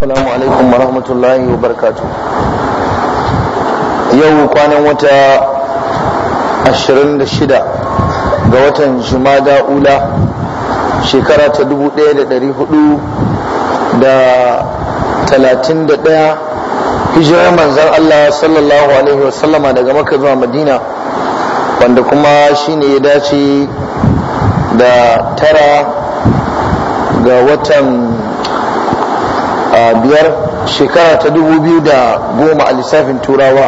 Assalamu alaikum wa rahmatullahi wa barakatu. Yau kwanan wata 26 ga watan Jumada Ula shekara ta da 1431 hijira manzan Allah sallallahu alaihi wasallama daga maka zuwa Madina wanda kuma shine ya dace da tara ga watan biyar shekara ta dubu biyu da goma a lissafin turawa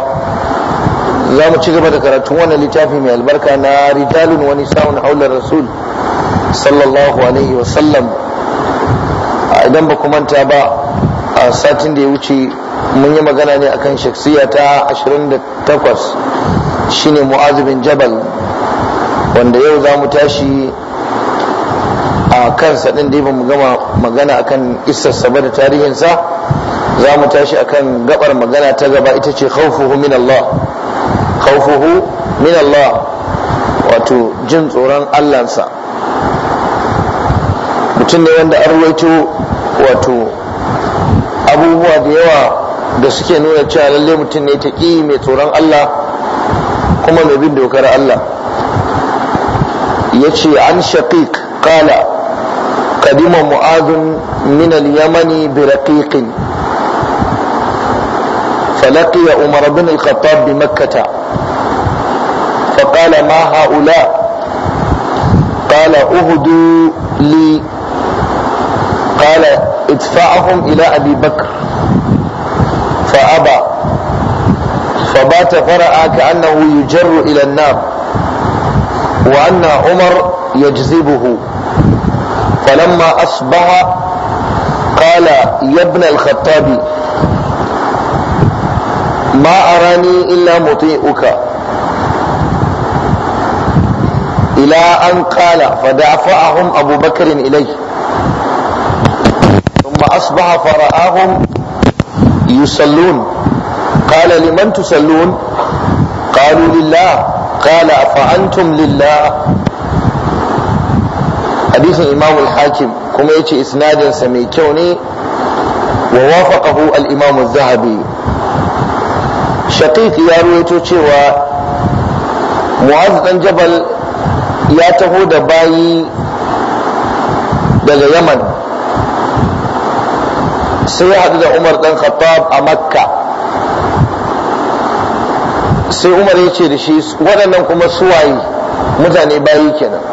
za mu ci gaba da karatun wannan littafi mai albarka na rijalun wani sa'un haular rasul sallallahu alaihi wasallam idan ba manta ba a satin da ya wuce mun yi magana ne akan shaksiya ta 28 shine mu'az jabal wanda yau za mu tashi a kansa ɗin da bamu gama magana akan isarsa ba da tarihinsa za mu tashi akan gabar magana ta gaba ita ce khawfuhu min Allah khawfuhu min Allah wato jin tsoron allansa mutum ne wanda an ruwaito wato abubuwa da yawa da suke nuna cewa lalle mutum ne ta ƙi mai tsoron Allah kuma mai bin dokar Allah ya ce an shaƙiƙ kala قدم معاذ من اليمن برقيق فلقي عمر بن الخطاب بمكة فقال ما هؤلاء قال اهدوا لي قال ادفعهم إلى أبي بكر فأبى فبات فرأى كأنه يجر إلى النار وأن عمر يجذبه فلما أصبح قال يا ابن الخطاب ما أراني إلا مطيئك إلى أن قال فدافعهم أبو بكر إليه ثم أصبح فرآهم يصلون قال لمن تصلون قالوا لله قال أفأنتم لله hadisin imam al-hakim kuma yace isnadin sa mai kyau ne wa wafaqahu al-imam az-zahabi shaqiq ya ruwaito cewa mu'az ɗan jabal ya taho da bayi daga yaman sai ya haɗu da umar dan khattab a makka sai umar ya ce da shi waɗannan kuma suwaye mutane baya kenan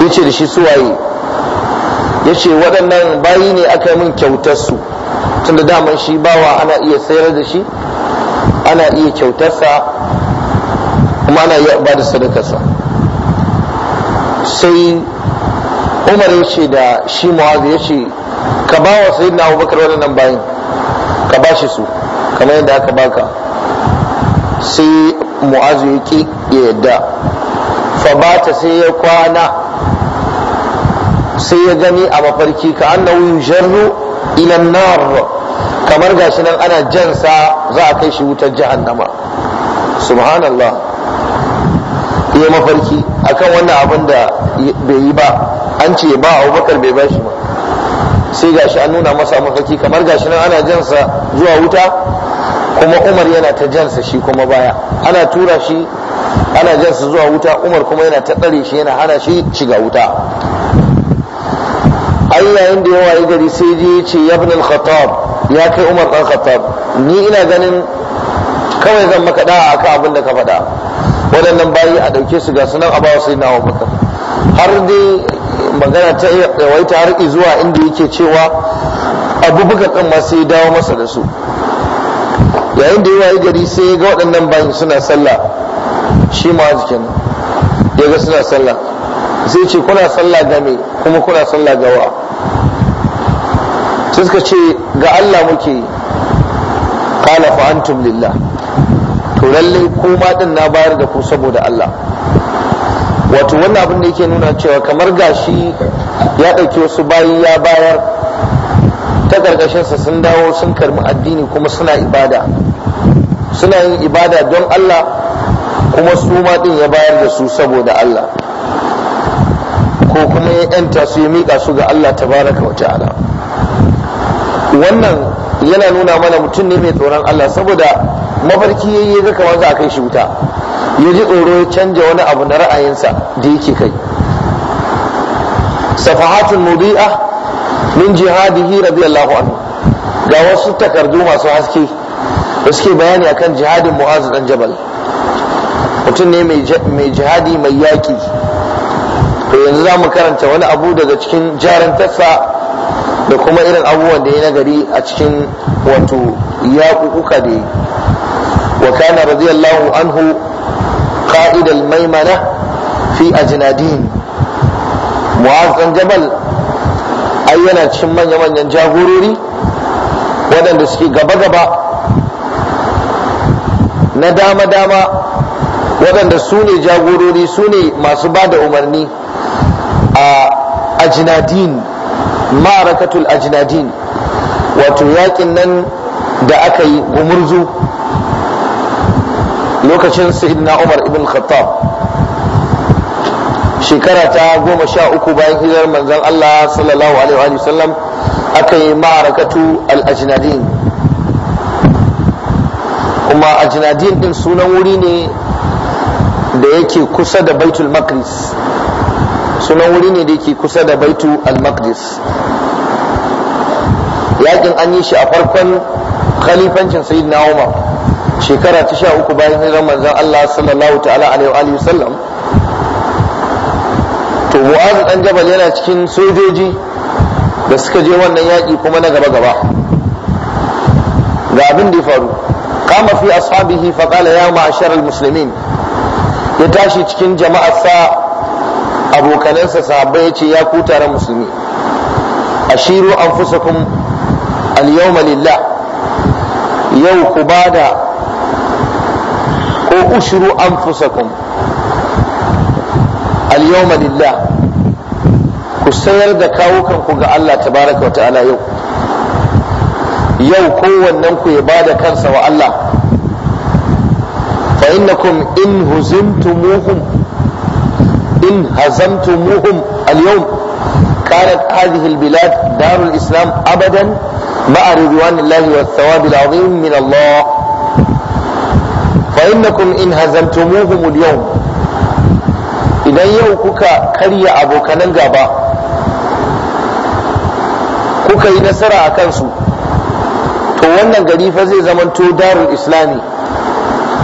ya ce da shi suwaye ya ce waɗannan bayi ne aka min kyautar su tunda daman shi bawa ana iya sayar da shi ana iya kyautar sa kuma ana iya ba da sa sai umar ya ce da shi mu'azu ya ce ka ba wa sayyidina abubakar waɗannan bayin ka ba shi su kamar yadda aka baka sai mu'azu ya ya yadda fa ta sai ya kwana sai ya gani a mafarki ka annahu yujarru ila nar kamar gashi nan ana jansa za a kai shi wutar jahannama subhanallah ya mafarki akan wannan abin da bai yi ba an ce ba abubakar bai bashi ba sai gashi an nuna masa mafarki kamar gashi nan ana jansa zuwa wuta kuma umar yana ta jansa shi kuma baya ana tura shi ana jansa zuwa wuta umar kuma yana ta tsare shi yana hana shi shiga wuta ai yayin da ya gari sai ji ya ce ya ya kai umar dan khattab ni ina ganin kawai zan maka da akan abin da ka faɗa waɗannan bayi a ɗauke su ga sunan a bawa sayyidina abubakar har dai magana ta yawaita har zuwa inda yake cewa abubakar kan ma sai dawo masa da su yayin da ya gari sai ga waɗannan bayi suna sallah shi ma jikin ya ga suna sallah zai ce kuna sallah ga me kuma kuna sallah ga wa sai suka ce ga Allah muke kala fa antum lillah to lalle ko ma din na bayar da ku saboda Allah wato wannan abin da yake nuna cewa kamar gashi ya ɗauki wasu bayi ya bayar ta ƙarƙashinsa sun dawo sun karbi addini kuma suna ibada suna yin ibada don Allah kuma su ma ɗin ya bayar da su saboda Allah ko kuma ya yanta su ya miƙa su ga Allah tabaraka wa ta'ala wannan yana nuna mana mutum ne mai tsoron Allah saboda mafarki yayi ya ga kamar za a kai shi wuta ya ji tsoro ya canja wani abu na ra'ayinsa da yake kai safahatul mubi'a min jihadihi radiyallahu anhu ga wasu takardu masu haske da suke bayani akan jihadin mu'az dan jabal mutum ne mai jihadi mai yaki to eh, yanzu za mu karanta wani abu daga cikin jarantarsa da kuma irin abubuwan da ya nagari a cikin wato yaƙuƙuka da ya wa kana radiyallahu anhu qa'id maimana fi ajnadin mu'azzan jabal ai yana cikin manya-manyan jagorori waɗanda suke gaba-gaba na dama-dama waɗanda su ne jagorori su ne masu ba da umarni a ajinadin ma'arakatul ajinadin wato yakin nan da aka yi gumurzu lokacin sayyidina umar ibn khattab shekara ta goma sha uku bayan hijirar manzon allah sallallahu alaihi wa sallam aka yi ma'arakatu al-ajinadin kuma ajinadin din sunan wuri ne da yake kusa da baitul maqdis sunan wuri ne da ke kusa da baitu al-maqdis yakin an yi shi a farkon khalifancin sayyidina umar shekara ta sha uku bayan hijirar manzon Allah sallallahu ta'ala alaihi wa sallam to mu'azu dan jabal yana cikin sojoji da suka je wannan yaƙi kuma na gaba gaba ga abin da ya faru kama fi ashabihi fa ya ma'ashar al-muslimin ya tashi cikin sa. abokanansa sahabbai ya ce ya ku taron musulmi ashiru an fusakun yawma lillah yau ku bada ko ushuru an fusakun? yawma lillah ku sayar da kawukan ku ga Allah tabaraka wa ta'ala yau yau kowannen ku ya bada kansa wa Allah fa innakum in huzimtumuhum إن هزمتموهم اليوم كانت هذه البلاد دار الإسلام أبدا مع رضوان الله والثواب العظيم من الله فإنكم إن هزمتموهم اليوم إذا يوكك كري أبوك ننقبا kuka yi nasara a kansu to wannan gari fa zai zamanto darul islami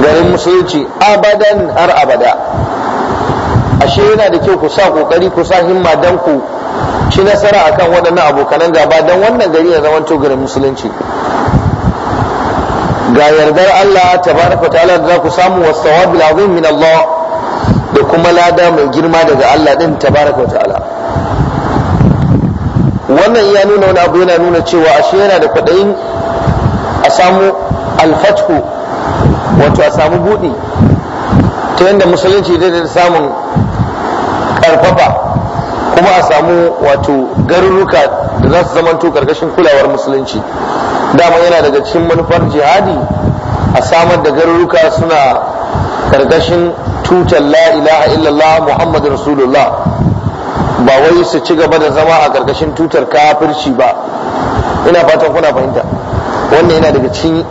garin musulunci abadan har abada ashe yana da kyau ku sa kokari ku sa himma dan ku ci nasara akan waɗannan abokanan gaba dan wannan gari ya zama garin musulunci ga yardar Allah tabaraka ta'ala da za ku samu wasawabil azim min Allah da kuma lada mai girma daga Allah din tabaraka ta'ala wannan ya nuna wani abu yana nuna cewa ashe yana da kwaɗayin a samu alfatku wato a samu buɗi ta yadda musulunci da samun karfafa kuma a samu wato garuruka da za su zamanto karkashin kulawar musulunci dama yana daga cikin manufar jihadi a samar da garuruka suna karkashin tutar la ilaha illallah muhammadu rasulullah ba wai su ci gaba da zama a karkashin tutar kafirci ba ina fatan kuna fahimta wannan yana daga cikin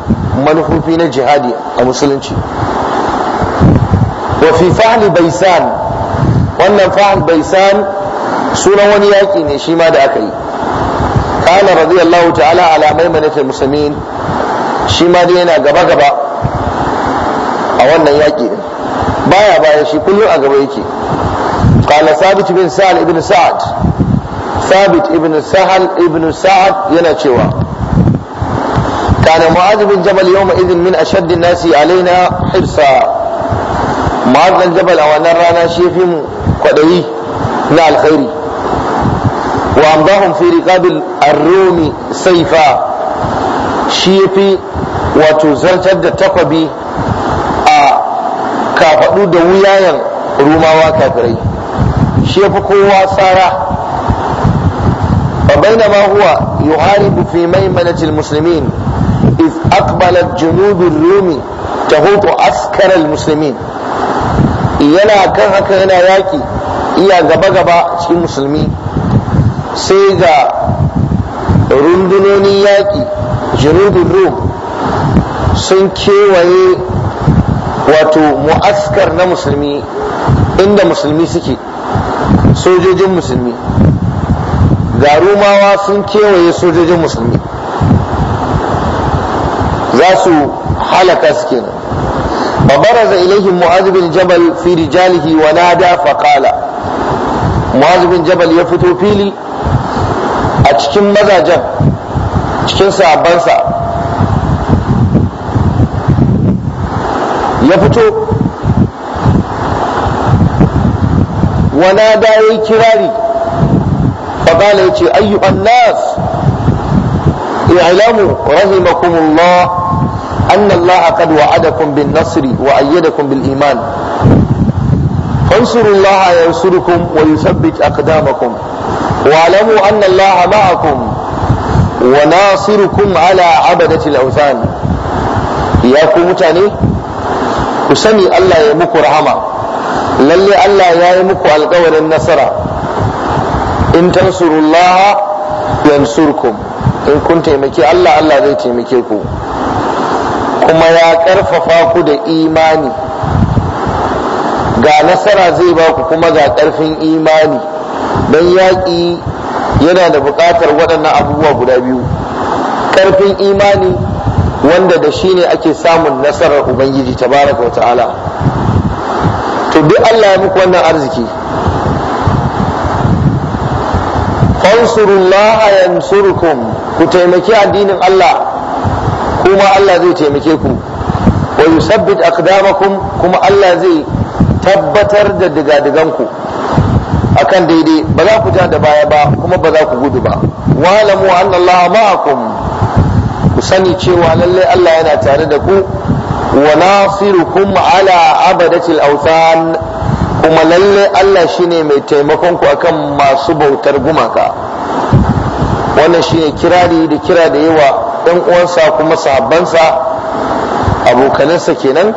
manufofi na jihadi a musulunci wa fi fahli baisan wannan fahim bai san sunan wani yaƙi ne shi ma da aka yi kana radiyallahu ta'ala ala maimanatul muslimin shi ma dai yana gaba gaba a wannan yaƙi din baya baya shi kullum a gaba yake qala sabit bin sa'al ibn sa'ad sabit ibn sa'al ibn sa'ad yana cewa كان معاذ بن جبل يومئذ من أشد الناس علينا حرصا معاذ بن جبل أو أن رانا fi mu. kwaɗayi na alkhairi wa ambahum fi riqabil ar saifa shi wato zartar da takwabi a kafaɗu da wuyayen rumawa kafirai shi kowa tsara وبينما هو يعارب في ميمنة المسلمين إذ أقبلت جنود الروم تهوط عسكر المسلمين yana kan haka yana yaki iya gaba-gaba cikin musulmi sai ga rundunonin yaƙi jirudin rum sun kewaye wato mu'askar na musulmi inda musulmi suke sojojin musulmi ga rumawa sun kewaye sojojin musulmi za su halaka su kenan فبرز إليهم معاذ بن جبل في رجاله ونادى فقال معاذ بن جبل يفتو فيلي أتشكم مزاجا أتشكم سعبانسا يفتو ونادى كراري فقال أيها الناس اعلموا رحمكم الله anna allaha qad wa'adakum bin nasri wa ayyadakum bil iman فانصروا الله ينصركم ويثبت أقدامكم واعلموا أن الله معكم وناصركم على عبدة الأوثان ياكو متاني كسني الله يمكو رحمة للي الله يا يمكو القول النصر إن تنصروا الله ينصركم إن كنت يمكي الله الله ذي تيمكيكم kuma ya ƙarfafa ku da imani ga nasara zai ba ku kuma ga ƙarfin imani don yaƙi yana da buƙatar waɗannan abubuwa guda biyu ƙarfin imani wanda da shi ne ake samun nasarar ubangiji tabaraka wa ta'ala to duk allah ya muku wannan arziki fansurullaha surukun ku taimaki addinin Allah kuma Allah zai taimake ku wa yusabbit aqdamakum kuma Allah zai tabbatar da digadiganku akan daidai ba za ku ja da baya ba kuma ba za ku gudu ba Wa lamu anna Allah ma'akum ku sani cewa lallai Allah yana tare da ku wa nasirukum ala abadatil awthan kuma lallai Allah shine mai taimakon ku akan masu bautar gumaka wannan shine kirari da kira da yawa dan uwansa kuma sahabbansa abokanansa kenan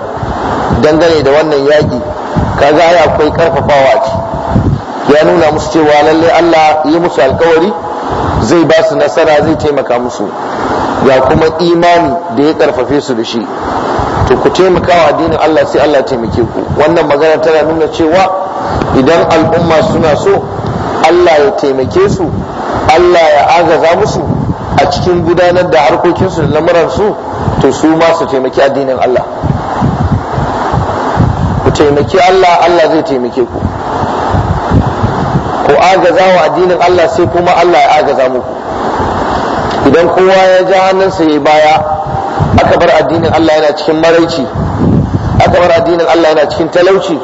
dangane da wannan yaƙi kaga ai akwai karfafawa ce, ya nuna musu cewa lallai Allah yi musu alkawari zai ba su nasara zai taimaka musu ya kuma imani da ya karfafe su da shi to ku taimaka wa addinin Allah sai Allah taimake ku wannan magana tana nuna cewa idan al'umma suna so Allah ya taimake su Allah ya agaza musu a cikin gudanar da harkokinsu da lamuransu to su ma su taimaki addinin Allah ku taimaki Allah Allah zai taimake ku ku agaza wa addinin Allah sai kuma Allah ya agaza muku idan kowa ya ja hannunsa ya baya aka bar addinin Allah yana cikin maraici aka bar addinin Allah yana cikin talauci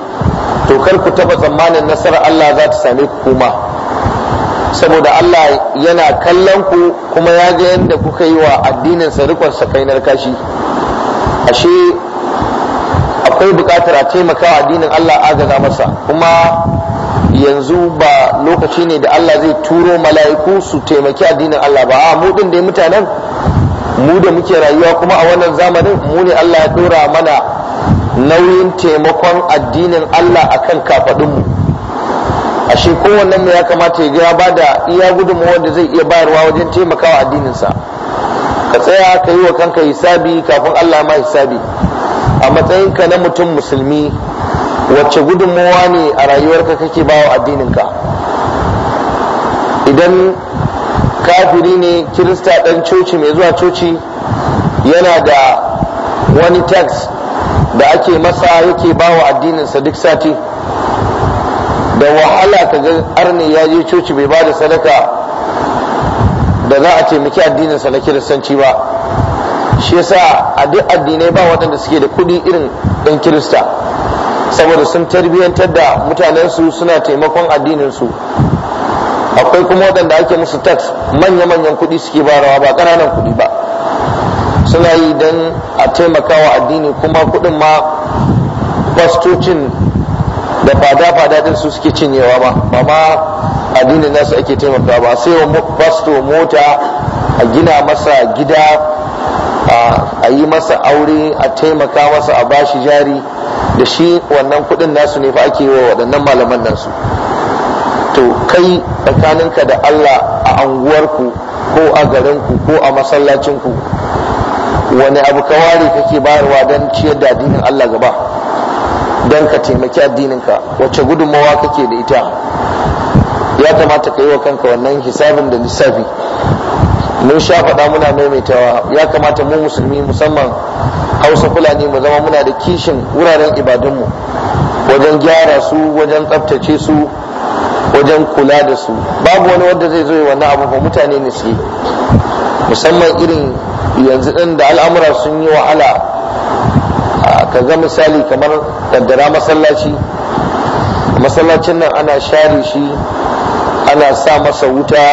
to kar ku taba tsammanin nasarar Allah za ta same ku kuma saboda Allah yana kallon ku kuma ya ga yadda kuka yi wa addinin rikon sakainar kashi ashe akwai bukatar a taimaka wa addinin Allah agaza masa kuma yanzu ba lokaci ne da Allah zai turo mala'iku su taimaki addinin Allah ba a mu din da mutanen mu da muke rayuwa kuma a wannan zamanin mu ne Allah ya dora mana nauyin taimakon addinin Allah akan kafadunmu mu ashe kowannen mai ya kamata ya ga ya bada iya gudunmu wanda zai iya bayarwa wajen taimakawa addininsa ka tsaya ka yi wa kanka hisabi kafin Allah ma hisabi a matsayinka na mutum musulmi wacce gudunmawa ne a rayuwarka kake bawa addininka idan kafiri ne kirista dan coci mai zuwa coci yana da wani tax da ake masa yake bawa addininsa duk sati da wahala ka ga arni ya je coci bai ba da sadaka da za a taimaki addinin sa na kiristanci ba shi yasa a duk addinai ba waɗanda suke da kuɗi irin ɗan kirista saboda sun tarbiyyantar da mutanensu suna taimakon addinin su akwai kuma waɗanda ake musu tax manya-manyan kuɗi suke barawa ba ƙananan kuɗi ba suna yi don a taimakawa addini kuma kuɗin ma fastocin da fada fada din su suke cinyewa ba ba ma addinin nasu ake taimaka ba sai wa fasto mota a gina masa gida a yi masa aure a taimaka masa a bashi jari da shi wannan kudin nasu ne fa ake wa waɗannan malaman nasu to kai tsakaninka da Allah a anguwarku ko a garinku ko a masallacinku wani abu kawari kake bayarwa don ciyar da addinin Allah gaba don ka taimaki addininka wacce gudunmawa kake da ita ya kamata ka yi wa kanka wannan hisabin da lissafi mun sha faɗa muna maimaitawa ya kamata mu musulmi musamman hausa fulani mu zama muna da kishin wuraren ibadunmu wajen gyara su wajen tsabtace su wajen kula da su babu wani wanda zai zo wannan abu ko mutane ne su musamman irin yanzu ɗin da al'amura sun yi wahala ka ga misali kamar daddara masallaci masallacin nan ana share shi ana sa masa wuta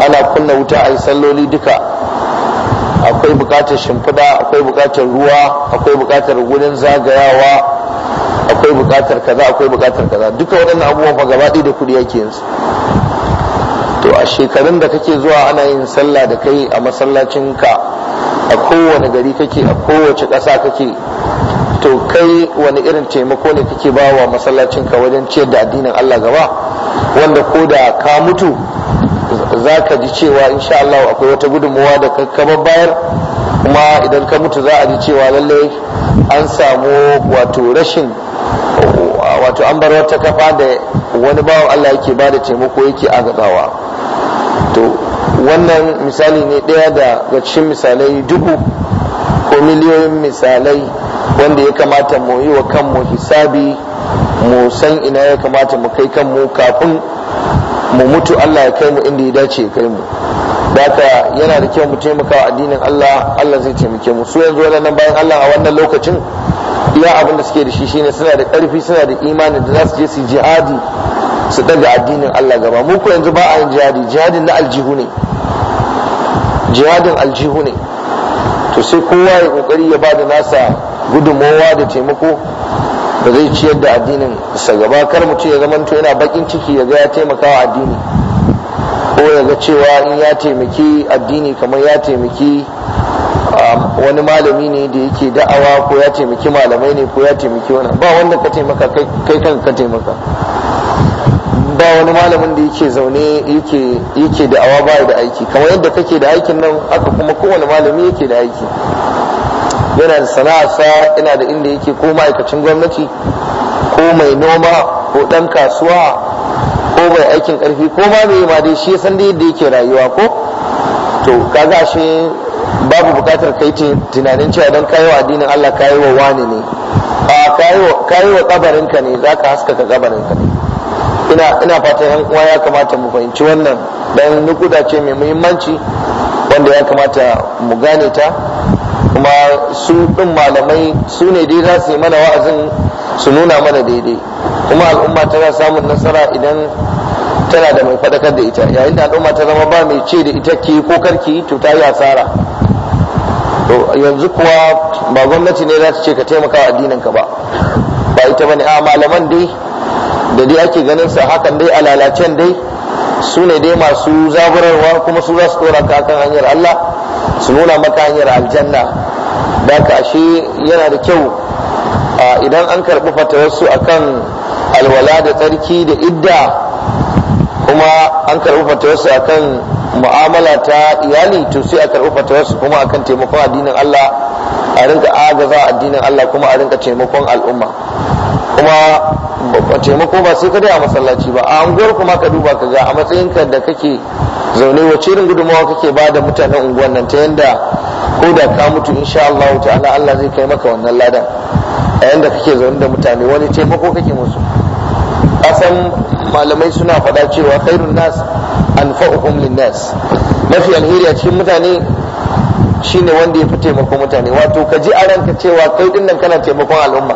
ana kunna wuta a yi salloli duka akwai bukatar shimfiɗa akwai bukatar ruwa akwai bukatar wurin zagayawa akwai bukatar kaza akwai bukatar kaza duka waɗannan abubuwan fa gaba da kuɗi yake yanzu to a shekarun da kake zuwa ana yin sallah da kai a masallacin ka a kowane gari kake a kowace ƙasa kake to kai wani irin taimako ne kake ba wa masallacinka wajen ciyar da addinin Allah gaba wanda ko da ka mutu za ka ji cewa insha Allah akwai wata gudunmuwa da kakkabar bayar kuma idan ka mutu za a ji cewa lallai an samu wato rashin wato an bar wata kafa da wani bawan Allah yake ba da taimako yake agazawa to wannan misali ne ɗaya daga cikin misalai dubu ko miliyoyin misalai wanda ya kamata mu yi wa kanmu hisabi mu san ina ya kamata mu kai kanmu kafin mu mutu Allah ya kai mu inda ya dace ya kai mu daga yana da kyau mu taimaka wa addinin Allah Allah zai taimake mu su yanzu wannan bayan Allah a wannan lokacin iya abin da suke da shi shine suna da ƙarfi suna da imani da za su je su jihadi su daga addinin Allah gaba mu yanzu ba a yin jihadi jihadin na aljihu ne jihadin aljihu ne to sai kowa ya kokari ya ba da nasa gudummawa da taimako da zai ciyar da addinin sa gaba kar mu mutum ya to yana bakin ciki ya ga ya taimaka wa addini ko ya ga cewa in ya taimaki addini kamar ya taimaki um, wani malami ne da yake da'awa ko ya taimaki malamai ne ko ya taimaki wani ba wanda ka taimaka kai kan ka taimaka ba wani malamin da yake zaune yake da awa ba da aiki kamar yadda kake da aikin nan haka kuma kowane malami yake da aiki yana da sana'arsa yana da inda yake ko ma'aikacin gwamnati ko mai noma ko ɗan kasuwa ko mai aikin ƙarfi ko ma mai ma dai shi san da yadda yake rayuwa ko to kaga shi babu buƙatar kai tunanin cewa don kayo wa addinin Allah kayo wa wani ne a kayo wa kabarinka ne za ka haskaka kabarinka ne ina ina fatan yan uwa ya kamata mu fahimci wannan dan nukuda ce mai muhimmanci wanda ya kamata mu gane ta kuma su ɗin malamai su ne dai za su yi mana wa'azin su nuna mana daidai kuma al'umma tana samun nasara idan tana da mai faɗakar da ita yayin da al'umma ta zama ba mai ce da ita ki ko karki to ta yi asara to yanzu kuwa ba gwamnati ne za ta ce ka taimaka addinin ka ba ba ita bane a malaman dai da dai ake ganin sa hakan dai a lalacen dai su ne dai masu zaburarwa kuma su za su tsora ka kan hanyar Allah su nuna maka hanyar aljanna da ka shi yana da kyau idan an karɓi fatawarsu akan alwala da tsarki da idda kuma an karɓi fatawarsu akan mu'amala ta iyali to sai a karɓi fatawarsu kuma akan taimakon addinin Allah a rinka agaza addinin Allah kuma a rinka taimakon al'umma kuma taimako ba sai ka dai a masallaci ba a unguwar kuma ka duba ka ga a matsayinka da kake zaune wace irin gudunmawa kake ba da mutanen unguwan nan ta yanda ko da ka mutu insha Allah ta'ala Allah zai kai maka wannan ladan a yanda kake zaune da mutane wani taimako kake musu kasan malamai suna faɗa cewa khairun nas anfa'uhum lin nas mafi alheri a cikin mutane shine wanda ya fi taimako mutane wato ka ji a ranka cewa kai dinnan kana taimakon al'umma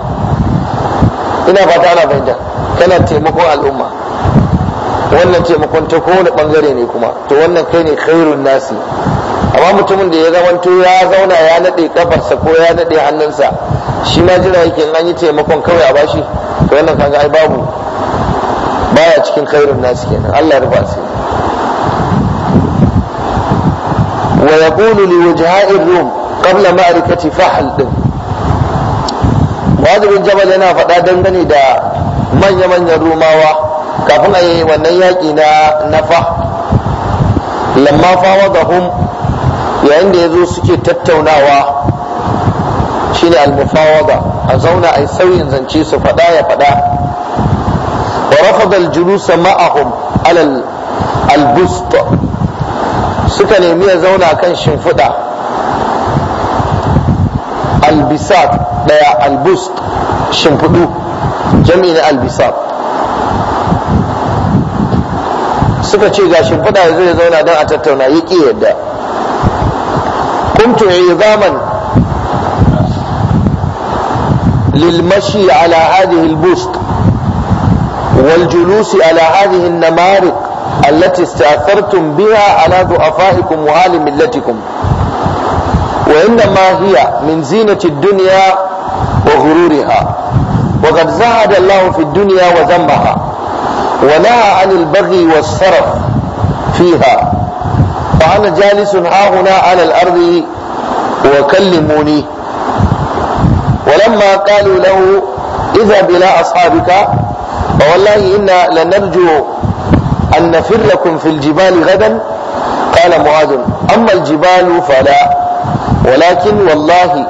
ina fata ana fahimta kana taimakon al'umma wannan taimakon ta kowane bangare ne kuma to wannan kai ne khairun nasi amma mutumin da ya zamanto ya zauna ya nade kafarsa ko ya nade hannunsa shi ma jira yake an yi taimakon kawai a bashi to wannan kaga ai babu baya cikin khairun nasi kenan Allah ya rubuta wa yaqulu li wujha'i rum qabla ma'rifati fahl din Mu'adh bin Jabal yana faɗa dangane da manya-manyan Rumawa kafin a yi wannan yaƙi na nafa lamma fawa ga hum yayin da ya zo suke tattaunawa shine al-mufawada a zauna a yi sauyin zance su faɗa ya faɗa wa rafada al-julusa ma'ahum alal al-busta suka nemi ya zauna kan shimfiɗa albisat ɗaya albust shimfiɗu na albisat suka ce ga shimfiɗa ya zo ya zauna don a tattauna ya ƙi yadda kuntu zaman للمشي على هذه البسط والجلوس على هذه النمارق التي استأثرتم بها على ضعفائكم وآل ملتكم وإنما هي من زينة الدنيا وغرورها وقد زهد الله في الدنيا وذمها ونهى عن البغي والصرف فيها فأنا جالس ها هنا على الأرض وكلموني ولما قالوا له اذهب إلى أصحابك فوالله إنا لنرجو أن نفر لكم في الجبال غدا قال معاذ أما الجبال فلا ولكن والله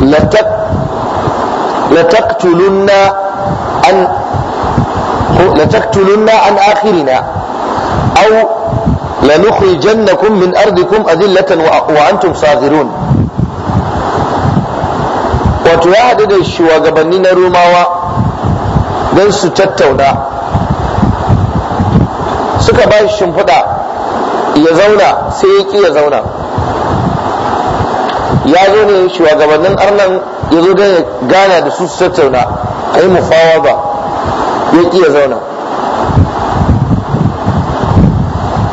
لتك لتقتلن عن لتقتلن عن آخرنا أو لنخرجنكم من أرضكم أذلة وأنتم صاغرون wato ya haɗu da shugabanni suka ba shi shimfiɗa ya zauna sai ya ƙi ya zauna ya zo ne shugabannin arnan ya zo don ya gana da su su tattauna a yi mufawa ba ya ƙi ya zauna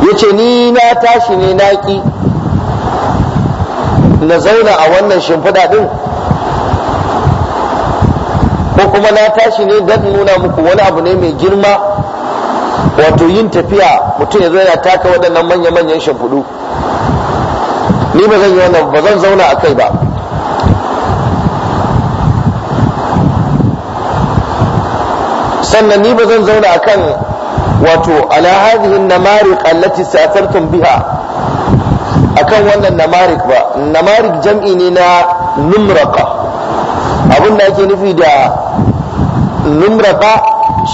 ya ce ni na tashi ne na ƙi na zauna a wannan shimfiɗa ɗin ko kuma na tashi ne don nuna muku wani abu ne mai girma wato yin tafiya mutum ya zo ya taka waɗannan manya-manyan shimfiɗu ni ba zan yi wannan ba zan zauna a kai ba sannan ni ba zan zauna a kan wato ala hadhihi namarik allati safartum biha akan wannan namarik ba namarik jam'i ne na numraka abin da ake nufi da numraka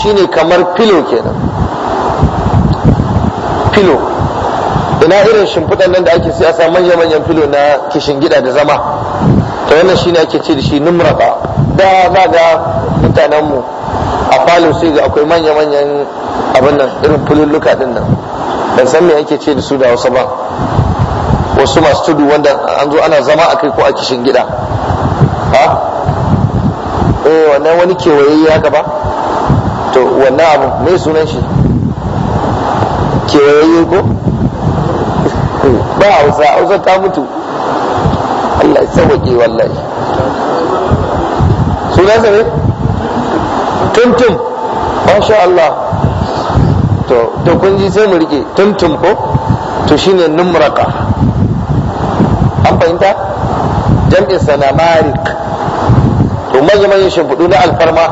shine kamar filo kenan filo ina irin shimfiɗan nan da ake sai a sa manya-manyan filo na kishin gida da zama to wannan shine ake ce da shi numraba da za ga mutanenmu a falo sai ga akwai manya-manyan abin nan irin fululluka din nan ban san me ake ce da su da wasu ba wasu masu tudu wanda an zo ana zama a kai ko a kishin gida ha eh wannan wani kewaye ya gaba to wannan abu mai sunan shi kewayayye ko ba hausa hausa ta mutu Allah ya sauke wallahi sunansa ne tuntum masha Allah to to kun ji sai mu rike tuntum ko to shine numraka an fahimta jam'in sana marik to mazaman yin shimfiɗu na alfarma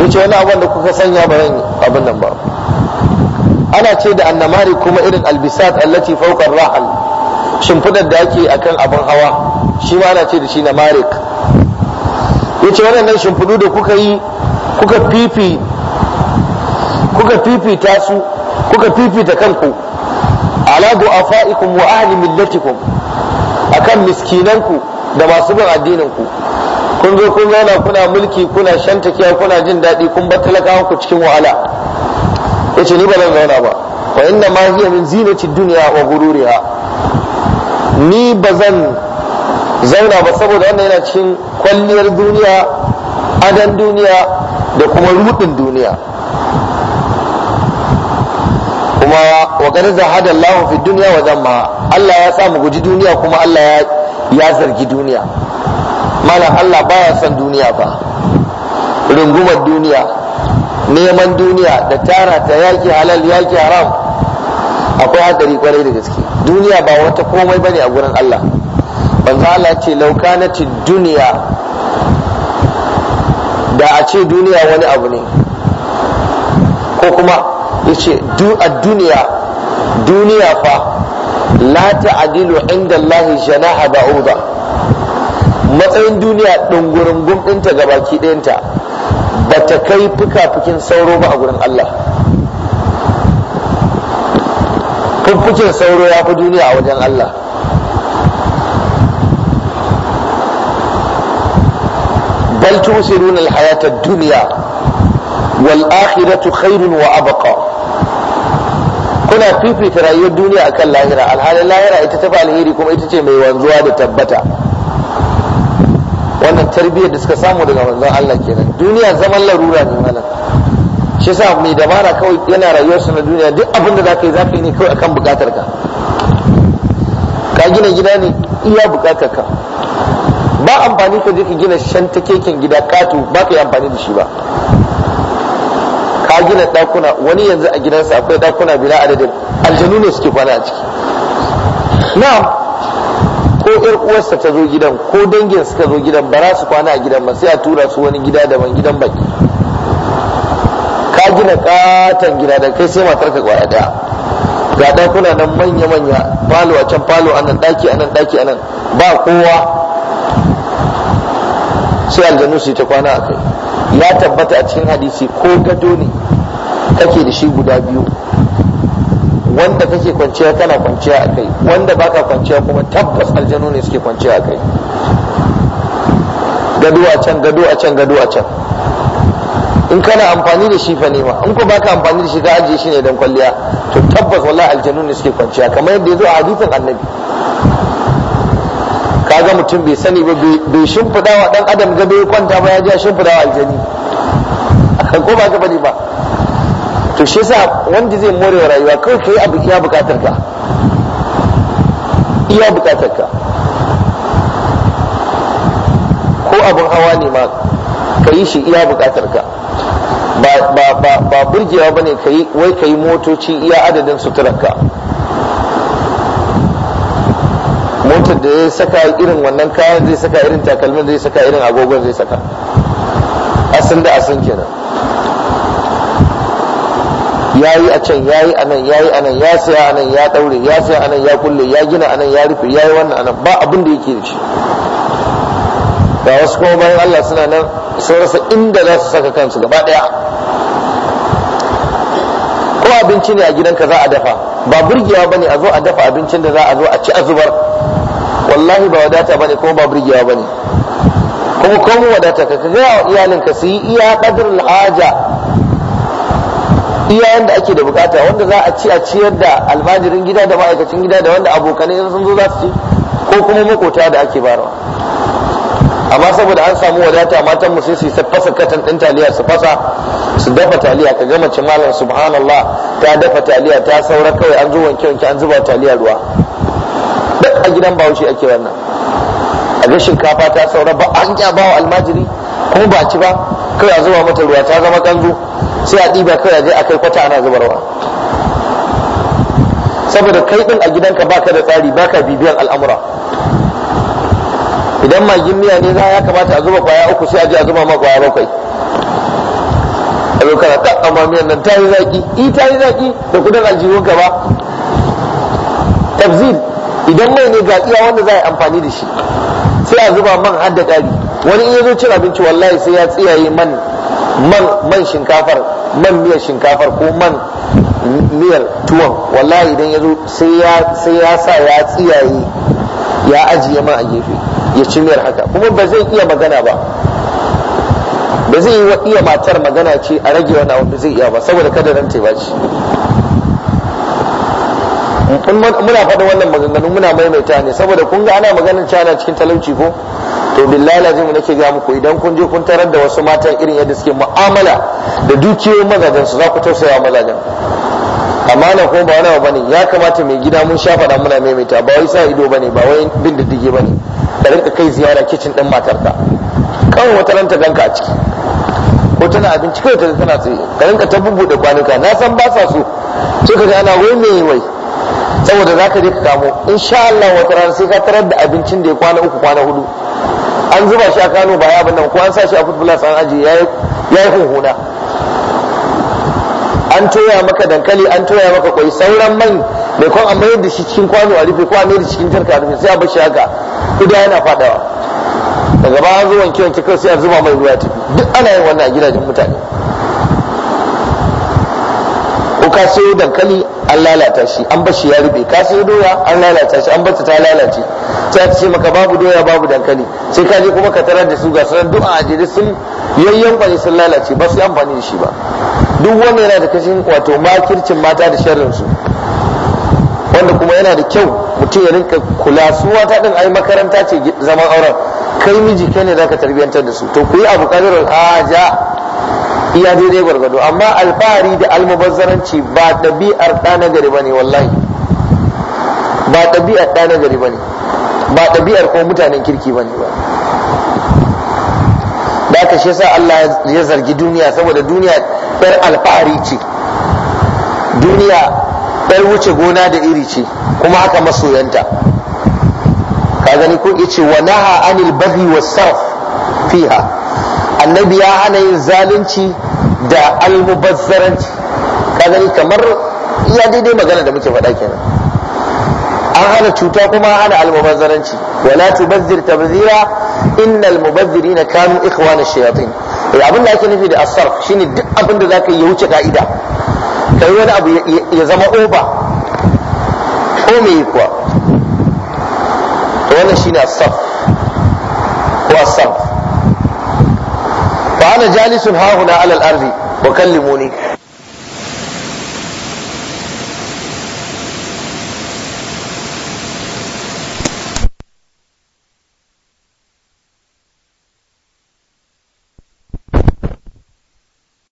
ni ce wani abin da kuka sanya ba abin nan ba ana ce da annamari kuma irin albisat allati fawqa rahal shimfidar da ake akan abin hawa shi ma ana ce da shi namarik yace waɗannan shimfidu da kuka yi kuka fifi kuka fifita su kuka fifita kanku ala du'afaikum wa ahli millatikum akan miskinanku da masu bin addininku kun zo kun zauna kuna mulki kuna shantakiya kuna jin daɗi kun bar talakawa ku cikin wahala yace ni ba zan zauna ba wa inna ma hiya min zinati dunya wa ghururiha ni ba zan zauna ba saboda wannan yana cikin kwalliyar duniya adan duniya da kuma rudin duniya kuma wa qad zahada Allah fi dunya wa zamma Allah ya sa mu guji duniya kuma Allah ya ya zargi duniya malam Allah baya son duniya ba rungumar duniya neman duniya da tara ta yaki halal yaki haram akwai hadari kwarai da gaske duniya ba wata komai bane a gurin Allah banza Allah ce laukanati duniya da a ce duniya wani abu ne ko kuma ya ce a duniya duniya fa la ta'dilu inda Allah jana'a ba'uda matsayin duniya ɗungurungun ɗinta gabaki ɗayanta ba ta kai fikafikin sauro ba a gurin Allah fuffukin sauro ya fi duniya a wajen Allah bal tusiruna alhayata ad wal akhiratu khairun wa abqa kuna fifita rayuwar duniya akan lahira alhalin lahira ita ta fi alheri kuma ita ce mai wanzuwa da tabbata wannan tarbiyyar da suka samu daga manzon Allah kenan duniya zaman larura ne mana shi yasa mai dabara kawai yana rayuwarsa na duniya duk abin da za ka yi za yi ne kawai akan bukatar ka ka gina gida ne iya bukatar ka ba amfani ka je ka gina shanta keken gida katu ba ka yi amfani da shi ba ka gina dakuna wani yanzu a gidansa akwai dakuna bila adadin aljanu ne suke kwana a ciki na'am ko yar uwarsa ta zo gidan ko dangin suka zo gidan ba za su kwana a gidan ba sai a tura su wani gida daban gidan baki ka gina katon gida da kai sai matar ka kwaya daya ga dakuna nan manya manya falo a can falo a nan daki a nan daki a nan ba kowa sai aljanu su ta kwana a kai ya tabbata a cikin hadisi ko gado ne kake da shi guda biyu wanda kake kwanciya kana kwanciya a kai wanda baka kwanciya kuma tabbas aljanu ne suke kwanciya a kai gado a can gado a can gado a can in kana amfani da shi fa nema in ko baka amfani da shi ka ajiye shi ne don kwalliya to tabbas wallahi aljanu ne suke kwanciya kamar yadda ya zo a hadisin annabi kaga mutum bai sani ba bai shimfida wa dan adam gado ya kwanta ba ya ji shimfida wa aljani ko ba ka bane ba to shi yasa wanda zai more wa rayuwa kawai kai abu iya bukatar ka iya bukatar ka ko abin hawa ne ma ka yi shi iya bukatar ka ba ba ba ne burgewa bane yi wai motoci iya adadin suturar ka motar da ya saka irin wannan kayan zai saka irin takalmin zai saka irin agogon zai saka asin da asin kenan ya yi a can ya yi a nan ya yi a nan ya saya a nan ya ɗaure, ya saya a nan ya kulle ya gina a nan ya rufe ya yi wannan a nan ba abin da yake da shi ga wasu kuma bayan Allah suna nan sun rasa inda za su saka kansu gaba ɗaya ko abinci ne a gidanka za a dafa ba burgewa ne a zo a dafa abincin da za a zo a ci a zubar wallahi ba wadata ba ne kuma ba burgewa ne kuma komo wadata ka ga iyalinka su yi iya qadrul haja iya da ake da bukata wanda za a ci a ciyar da almajirin gida da ma'aikacin gida da wanda abokanai sun zo za su ci ko kuma makota da ake barawa amma saboda an samu wadata matan mu sai su fasa katan din taliya su fasa su dafa taliya ka ga mace malam subhanallah ta dafa taliya ta saura kawai an zo wanke wanke an zuba taliya ruwa duk a gidan bahaushe ake wannan a ga shinkafa ta saura ba an kya bawa almajiri kuma ba ci ba kawai a zuba mata ruwa ta zama kanzu sai a ɗiba kai a je a kai kwata ana zubarwa saboda kai ɗin a gidanka baka da tsari baka bibiyan al'amura idan magin miya ne za ya kamata a zuba kwaya uku sai a je a zuba ma kwaya bakwai a zo kana ta amma miyan nan ta yi zaki i eh, ta yi zaki da kudin aljihunka ba tabzil idan mai ne ga iya wanda za a yi amfani da shi sai a zuba man har da wani in ya zo cin abinci wallahi sai ya tsiyaye man man man shinkafar man miyar shinkafar ko man miyar tuwon wallahi idan ya zo sai ya sa ya tsiyaye ya ajiye ma a gefe ya ci miyar haka kuma ba zai iya magana ba ba zai iya matar magana ce a rage wani abu zai iya ba saboda kada nan ta baci muna faɗin wannan maganganu muna maimaita ne saboda kun ga ana maganar cana cikin talauci ko to billahi lazim nake ga muku idan kun je kun tarar da wasu matan irin yadda suke mu'amala da dukiyoyin mazajen su za ku tausaya mazajen na ko ba wani bane ya kamata mai gida mun sha faɗa muna maimaita ba wai sa ido bane ba wai bin diddige bane ka rinka kai ziyara kicin din matarka kan wata ranta ganka a ciki ko tana abinci kai ta tana tsaye ka rinka ta bubbuɗe kwanuka na san ba sa so sai ka ga ana wai me wai saboda za ka je ka kamo insha Allah wata rana sai ka tarar da abincin da ya kwana uku kwana hudu an zuba shi a kano ba ya abin nan ko an sashi shi a footballers an aji ya yi hunhuna an toya maka dankali an toya maka kwai sauran man mai kwan amma yadda shi cikin kwano a rufe ko a da cikin tarka rufe sai a bar shi haka idan yana fadawa daga ba an zo wanke wanke sai a zuba mai ruwa tafi duk ana yin wannan a gidajen mutane ko ka sayo dankali an lalata shi an bar shi ya rube ka sai doya an lalata shi an bar ta lalace ta ce maka babu doya babu dankali sai ka je kuma ka tarar da su ga sanan duk a ajiri sun yayyan bane sun lalace ba su amfani da shi ba duk wanda yana da kashin wato makircin mata da sharrin su wanda kuma yana da kyau mutum ya rinka kula su wata din ai makaranta ce zaman auren kai miji kai ne zaka tarbiyantar da su to ku yi abu kadirar ja. iya daidai gwargwado amma alfahari da almubazzaranci ba ɗabi'ar ɗa gari ba bane wallahi ba ɗabi'ar ɗa gari ba bane ba ɗabi'ar ko mutanen kirki bane ba da aka shi sa Allah ya zargi duniya saboda duniya ɗar alfahari ce duniya ɗar wuce gona da iri ce kuma haka masoyanta ka gani ko ce wa naha anil baghi sarf fiha annabi ya hana yin zalunci da almubazzaranci ka gani kamar iya daidai magana da muke faɗa kenan an hana cuta kuma an hana almubazzaranci wala tubazzir tabzira innal mubazzirina kanu ikhwana shayatin eh, abin da ake nufi da asarf shine duk abin da zaka yi wuce ka'ida kai wani abu ya zama oba ko me kuwa to wannan shine asarf ko asarf fa ana jalisun hahuna alal ardi wa kallimuni